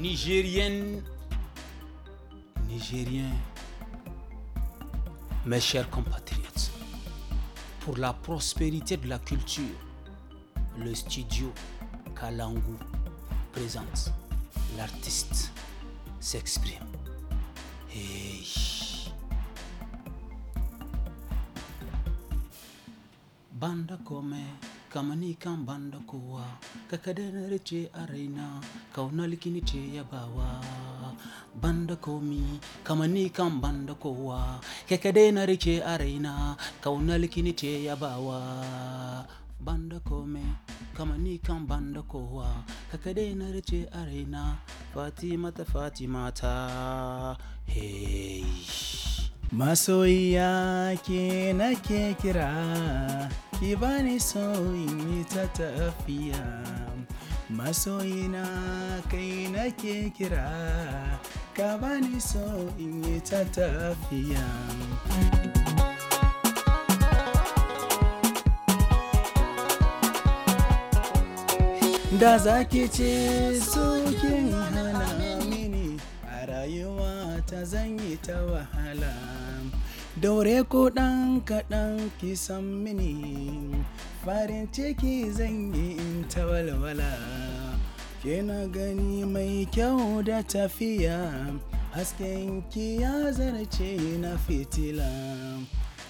Nigérienne, Nigérien, mes chers compatriotes, pour la prospérité de la culture, le studio Kalangu présente l'artiste s'exprime. Bande Banda comme Kamani kan banda kowa, ka kadar ce a raina, kaunar kini ce yabawa. bawa da komi, kamani kan banda kowa, ka kadar ce a raina, kaunar kini ce yabawa. bawa da kome, kamani kan banda kowa, ka kadar ce a raina, Fatima ta Fatima ta. Hey. Masoyiya ke nake kira. ki bani sauyin ta tafiya masoyina kai nake kira ka bani sauyin ta tafiya da zaki ce sokin hana mini a rayuwa ta zanyi ta wahala daure ko ɗan kaɗan kisan mini farin ciki zan yi in ta walwala kina gani mai kyau da tafiya hasken ki ya zarce na fitila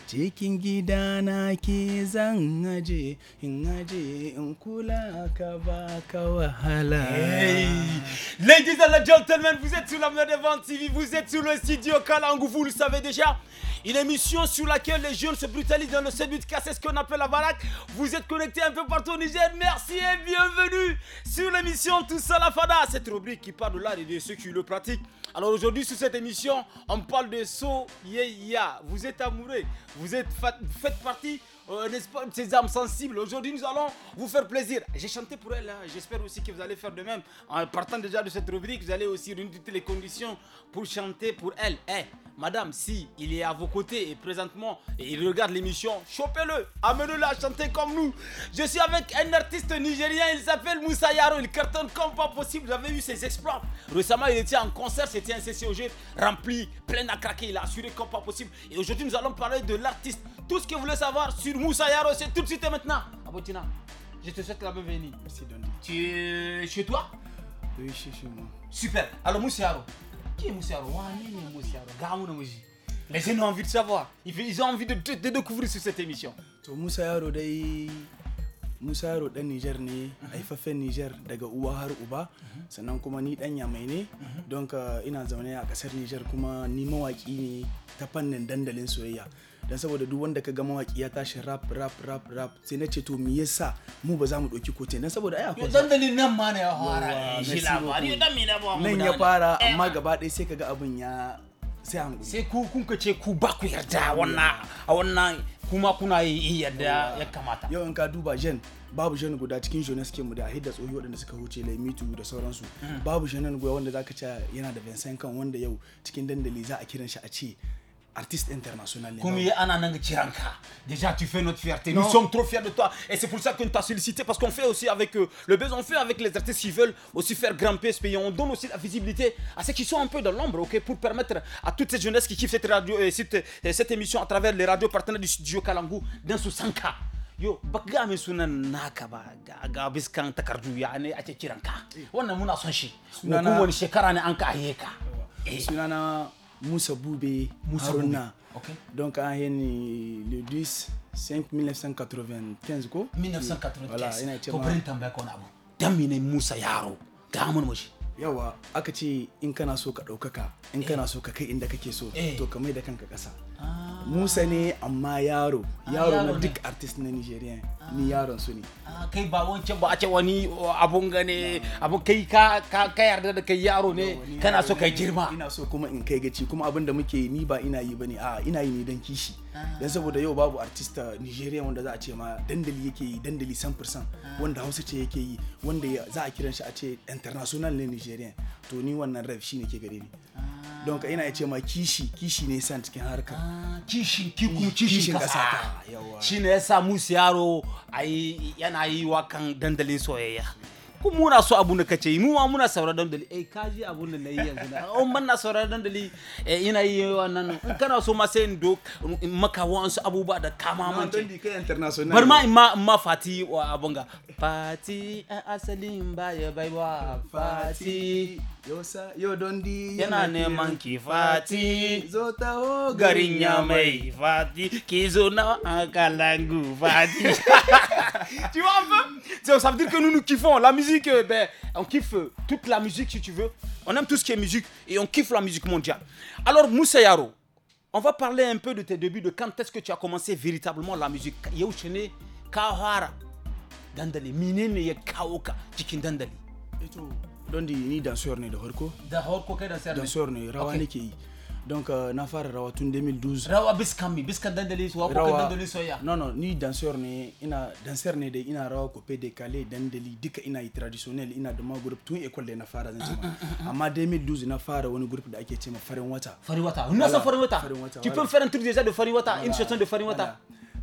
cikin gidana ki zan aje in aje in kula ka ba ka wahala Ladies and gentlemen, vous êtes sur la main de Vente TV, vous êtes sur le studio Kalangu, vous le savez déjà. Une émission sur laquelle les jeunes se brutalisent dans le but c'est ce qu'on appelle la baraque. Vous êtes connectés un peu partout au Niger. Merci et bienvenue sur l'émission Tout Fada. Cette rubrique qui parle de l'art et de ceux qui le pratiquent. Alors aujourd'hui, sur cette émission, on parle de Soyeya. Vous êtes amoureux, vous êtes faites partie euh, n'est-ce ces âmes sensibles. Aujourd'hui, nous allons vous faire plaisir. J'ai chanté pour elle, hein. j'espère aussi que vous allez faire de même. En partant déjà de cette rubrique, vous allez aussi réunir les conditions pour chanter pour elle. Eh, madame, si il est à vos côtés et présentement, il regarde l'émission, chopez-le, amenez-le à chanter comme nous. Je suis avec un artiste nigérien, il s'appelle Moussa Yaro, il cartonne comme pas possible, j'avais vu ses exploits. Récemment, il était en concert, c'était un CCOG rempli, plein à craquer, il a assuré comme pas possible. Et aujourd'hui, nous allons parler de l'artiste tout ce que vous voulez savoir sur Moussa Yaro, c'est tout de suite et maintenant. Abotina, je te souhaite la bienvenue. Merci Dondi. Tu es chez toi Oui, chez moi. Super. Alors Moussa Yaro, qui est Moussa Yaro Les ils ont envie de savoir. Ils ont envie de te découvrir sur cette émission. Moussa Yaro, musa yaro dan nijar ne haifafen nijar daga uwa har uba sannan kuma ni dan yamai ne don ka ina zaune a kasar nijar kuma ni mawaki ne ta fannin dandalin soyayya dan saboda duk wanda ka ga mawaki ya tashi rap rap rap rap sai na ce to me yasa mu ba za mu dauki kote dan saboda ai akwai dandalin nan ma ne ya fara shi labari dan me na ba mu nan ya fara eh. amma gaba ɗaya sai kaga abin ya sai an sai ku kun ka ce ku ba ku yarda wannan a wannan kuma kuna yi yadda ya kamata yau in ka duba jen babu jen guda cikin jonas suke mu da hidda tsohi waɗanda suka huce mitu da sauransu hmm. babu jenan guda wanda zaka ce yana da vincent kan wanda yau cikin dandali za a kiran shi a ce artiste international. Déjà, tu fais notre fierté. Nous sommes trop fiers de toi. Et c'est pour ça qu'on t'a sollicité. Parce qu'on fait aussi avec euh, Le besoin, on fait avec les artistes qui veulent aussi faire grimper ce pays. On donne aussi la visibilité à ceux qui sont un peu dans l'ombre, ok Pour permettre à toutes ces jeunesse qui kiffent cette, radio, et euh, cette, euh, cette émission à travers les radios partenaires du studio Kalangu dans ce 100 yo naka ba ga biskan ya ne eh. wannan muna son shi shekara ne Moussa Boubé Moussa Haruna. Okay. Donc, en le 10 5 1995 ko 1995 voilà ina ce ko ko Musa yaro ga mun yawa aka ce in kana so ka ɗaukaka in kana so ka kai inda kake so eh. to ka mai da kanka ƙasa ah. Musa ne amma yaro ah, yaro na duk artist na nigeria ni yaron su ne ah, kai ba wancan ba a ce wani oh, abun gane abu kai ka ka yarda da kai yaro ne kana so kai girma ina so kuma in kai gaci kuma abin da muke ni ba ina yi bane a ah, ina yi ne dan kishi dan saboda yau babu artist nijeriya wanda za a ce ma dandali yake yi dandali 100% wanda Hausa ce yake yi wanda za a kiran shi a ce international ne nigeria to ni wannan rap shine ke gare ni don ka ina ya ce ma kishi kishi ne san cikin harka ah, kishi kiku kuma kishin kasa shi ne ya sa musu yaro yana yi kan dandalin soyayya kun muna so abun da ka ce mu ma muna sauraron dandali eh kaji abun da nayi yanzu na in oh, ban na sauraron dandali eh ina yi wannan in kana so ma sai in do maka wa'ansu abubuwa da kama mance bar ma in ma fati wa abunga Eh, eh, Fati Fati yana manki Fati Zota Fati kizona Fati Tu vois un peu Ça veut dire que nous nous kiffons. La musique, eh ben, on kiffe toute la musique si tu veux. On aime tout ce qui est musique et on kiffe la musique mondiale. Alors Moussa on va parler un peu de tes débuts, de quand est-ce que tu as commencé véritablement la musique. Yauchene Kahara. dandali menene ya kawo ka cikin dandali eto eh don di ni danseur ne da harko da harko kai danseur ne danseur ne rawa nake yi donc na fara rawa tun 2012 rawa biskan mi biskan dandali su wako kan dandali soya no no ni danseur ne ina danseur ne da ina rawa kope de kale dandali duka ina yi traditionnel ina da ma group tun école da na fara zan jima amma 2012 na fara wani group da ake cewa ma farin wata farin wata na san farin wata tu peux faire un truc déjà de farin wata une chanson de farin wata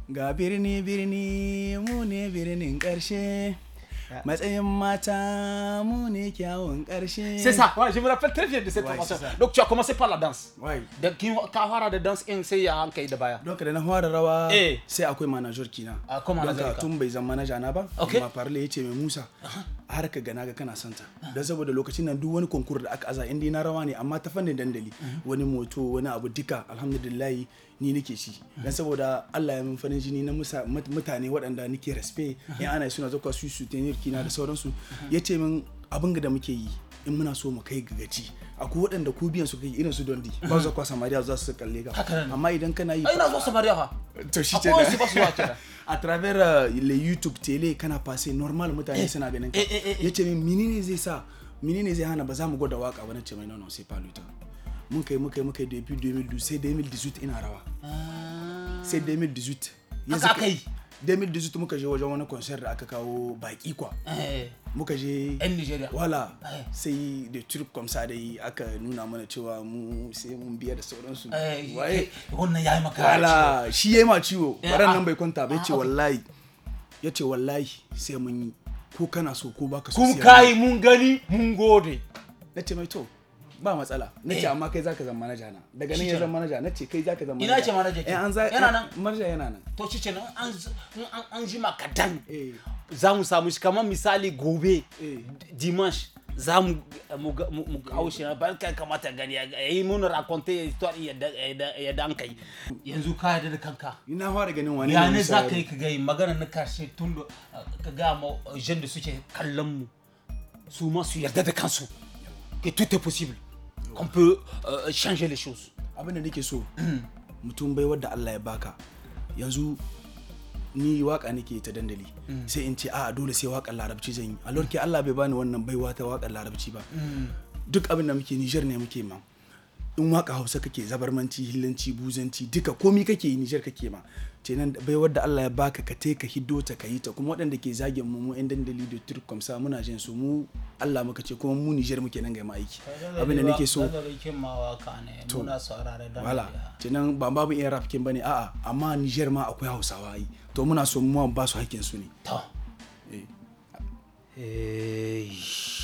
ga birni birni mu Ah. c'est ça je me rappelle très bien de cette formation donc tu as commencé par la danse da kin ka fara da dance in sai ya baya donc da na fara manager kina ah, comment tun bai zama manager na ba parle yace mai Musa har ka gana ga kana son ta don saboda lokacin nan duk wani konkur da aka aza inda na rawa ne amma ta fannin dandali wani moto wani abu duka alhamdulillahi ni nake shi don saboda Allah ya min farin jini na mutane waɗanda nake respect in ana suna zakwa su su tenir kina da sauransu ya ce min abin da muke yi in muna so mu kai ga gaci akwai waɗanda ku biyan su kai irin su dondi mm. ba su kwa samariya za su kalle ka amma idan kana yi ina zo samariya ha to shi ce a travers uh, le youtube tele kana passe normal mutane eh, suna ganin ka eh, eh, yace min menene zai sa menene zai hana ba za mu gwada waka ba ce mai nono sai paluta mun kai mun kai mun kai depuis 2012 sai 2018 ina rawa ah. sai 2018 haka aka 2018 muka je wajen wani concert da aka kawo baki kwa eh. muka je yan nigeria wala eh. sai da trip komsa dai aka nuna mana cewa mu sai mun biya da sauransu eh, waye wannan ya yi maka wala shi ya yi ma ciwo baran ah. nan bai kwanta bai ce ah, wallahi ya ce wallahi sai mun yi ko kana so ko baka so kun kai mun gani mun gode na ce mai to ba matsala na ce eh. amma kai zaka zama manaja na daga nan ya zama manaja na ce kai zaka zama manaja ina ce manaja ke eh, an za yana nan manaja yana nan to shi ce nan an an jima kadan eh. za mu samu shi kamar misali gobe dimash za mu mu kawo shi na kai kamata gani ya yi mun raconte histoire ya an kai yanzu ka yarda da kanka ina fara ganin wani ya ne za ka yi ka gai magana na karshe tun uh, ka ga ma jen da suke kallon mu su ma su yarda da kansu que tout est possible qu'on peut euh, changer les choses abin da nake so mutum bai wadda Allah ya baka yanzu ni waka nake ta dandali mm. sai in ce a dole sai wakan larabci zan yi a Allah bai bani wannan baiwa ta wakan larabci ba mm. duk abin da muke Niger ne muke ma in waka hausa kake zabarmanci hillanci buzanci duka komi kake yi nijar kake ma kenan baiwar da Allah ya baka ka te ka hiddo ta ka yi ta kuma waɗanda ke zagin mu mu yan dandali da turkom sa muna jin su mu Allah muka ce kuma mu Nijar muke nan ga ma aiki abinda nake so to wala ba babu iya rap kin bane a'a amma Nijar ma akwai Hausawa ayi to muna so mu ba su hakkin su ne eh, eh